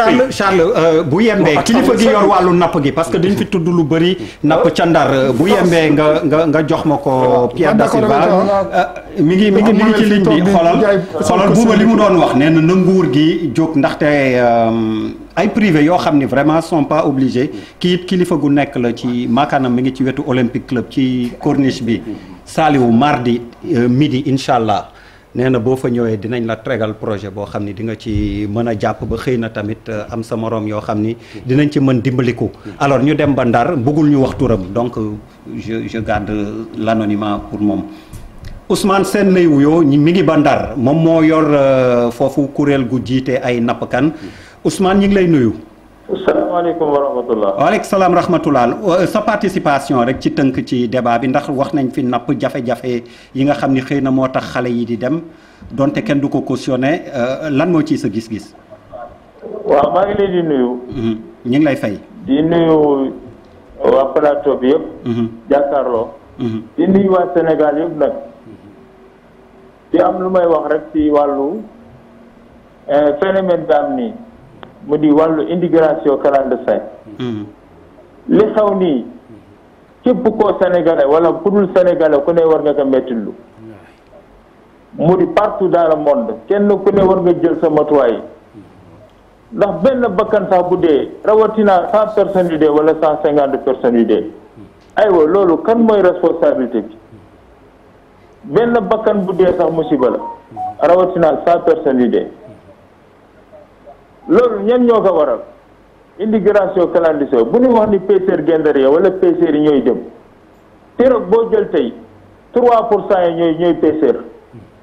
Charles Charles bu euh, yembee ah, kilifa gi yor wàllu napp gi parce que dañu fi tudd lu bëri napp ca Ndar bu ah. yembee nga nga nga jox ma ko ah. Pierre Da Silva euh, mi ngi mi ngi mi ci ligne bi xoolal buuba li mu doon wax nee na nguur gi jóg ndaxte euh, ay privé yoo xam ni vraiment sont pas obligés kii it kilifa gu nekk la ci maakaanam mi ngi ci wetu Olympique Club ci corniche bi Saliou mardi midi incha allah nee na boo fa ñëwee dinañ la tegal projet boo xam ni di nga ci mën a jàpp ba xëy na tamit euh, am sa moroom yoo xam ni dinañ ci mën dimbaliku alors ñu dem ba Ndar bëggul ñu wax turam donc je je garde l'anonymat pour moom Ousmane Sène lay wuyoo mi ngi ba Ndar moom moo yor euh, foofu kuréel gu jiite ay nappkan Ousmane ñi ngi lay nuyu salaamaaleykum wa rahmatulah. waaleykum salaam rahmatulah euh, sa participation rek ci tënk ci débat bi ndax wax nañ fi napp jafe-jafe yi nga xam ni xëy na moo tax xale yi di dem donte kenn du ko cautionné euh, lan moo ci sa gis-gis. waaw maa ngi leen di nuyu. Mhm. ñu ngi lay fay. di nuyu waa plateau bi yëpp. Mhm. jàkkaarloo. Mhm. di nuyu waa Sénégal yëpp nag. di am lu may wax rek ci wàllu euh, phénomène bi am nii. mu di wàllu immigration clandestin hmm. li xaw nii képp ko sénégalais wala ku dul sénégalais ku ne war nga ko mettitlu mu di partout dans le monde kenn ku ne war nga jël sa matuwaay ndax benn bakkan sax bu dee rawatina cent personnes yu dee wala cent cinquante personnes yu dee aywa loolu kan mooy responsabilité bi benn bakkan bu dee sax musiba la rawatina cent personnes yu dee loolu ñenn ñoo ko waral immigration clandestine bu ne wax ni pêcheurs gendar ya wala pêcheurs yi ñooy dem teroog boo jël tey 3 pour cent yi ñooy ñooy pêcheurs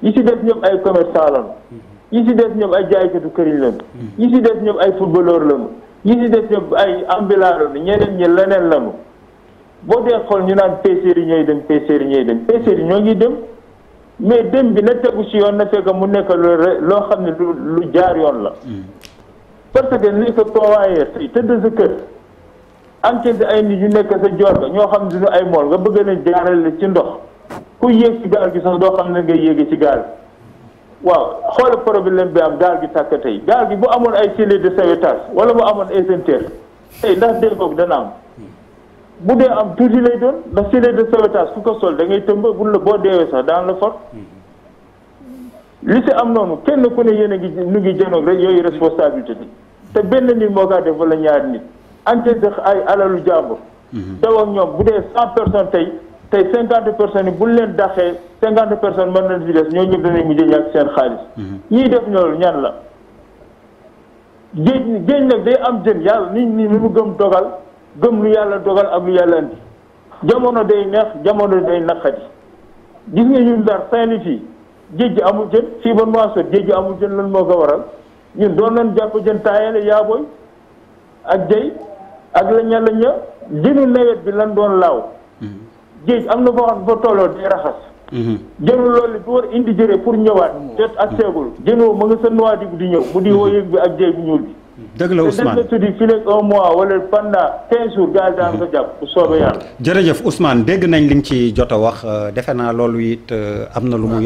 yi si def ñoom ay commerçant lañu ñi si def ñoom ay jaaykatu këriñ lañu yi si def ñoom ay footballeur lañu ñi si def ñoom ay ambulant lañu ñeneen ñi leneen lañu boo dee xool ñu naan pêcheurs yi ñooy dem pêcheurs yi ñooy dem pêcheurs yi ñoo ngi dem mais dem bi na tegu si yoon na fekk mu nekk loo xam ne lu jaar yoon la parce que ni sa toowaayee si tëdd kër enquête ay nit yu nekk sa joor ga ñoo xam ne duñu ay mool nga bëgg leen jaarale ci ndox ku yéeg ci gaal gi sax doo xam ne nga yéegi ci gaal gi waaw xoola problème bi am gaal gi tàkk tey gaal gi bu amoon ay gilets de sauvetage wala bu amoon ay ceinture tey ndax dee googu dana am bu dee am tuuti lay doon ndax gilet de sauvetage ku ko sol da ngay tëmb bu la boo deewee sax daan la fot li si am noonu kenn ku ne yéen a ngi nu ngi jënoog rek yooyu responsabilité bi te benn nit moo kaa def wala ñaari nit encaisse ay alalu jàmbur mhm. teew ñoom bu dee cent personnes tey tey cinquante personnes yi buñ leen daxee cinquante personnes mën na fi des ñoo ñëpp danañ mujj ñàkk seen xaalis mhm. ñuy def ñoolu ñan la géej géej nag day am jën yàlla nit ñi lu mu gëm dogal gëm lu yàlla dogal ak lu yàlla andi jamono day neex jamono day naqadi gis nga ñun dar Saint-Louis fii géej gi amul jën fii ba Nouakchott géej gi amul jën lan moo ko waral ñun doon nañ jàpp jën taayale yaaboy ak jëy ak la ña la ña nawet bi lan doon laaw géej mhm. am na boo xam fa tolloo day raxas mhm. jënu loolu du war indi jëre pour ñëwaat tet ak seegul jënoo ma nga sa nuwaa dibu di ñëw mu di mhm. woo yëg bi ak jëy bu ñuul bi dëgg la Ousmane te mois wala pendant 15 jours gaal jàpp bu soobee jërëjëf Ousmane dégg nañ li nga ci jot a wax euh, defe naa loolu it euh, am na lu mu.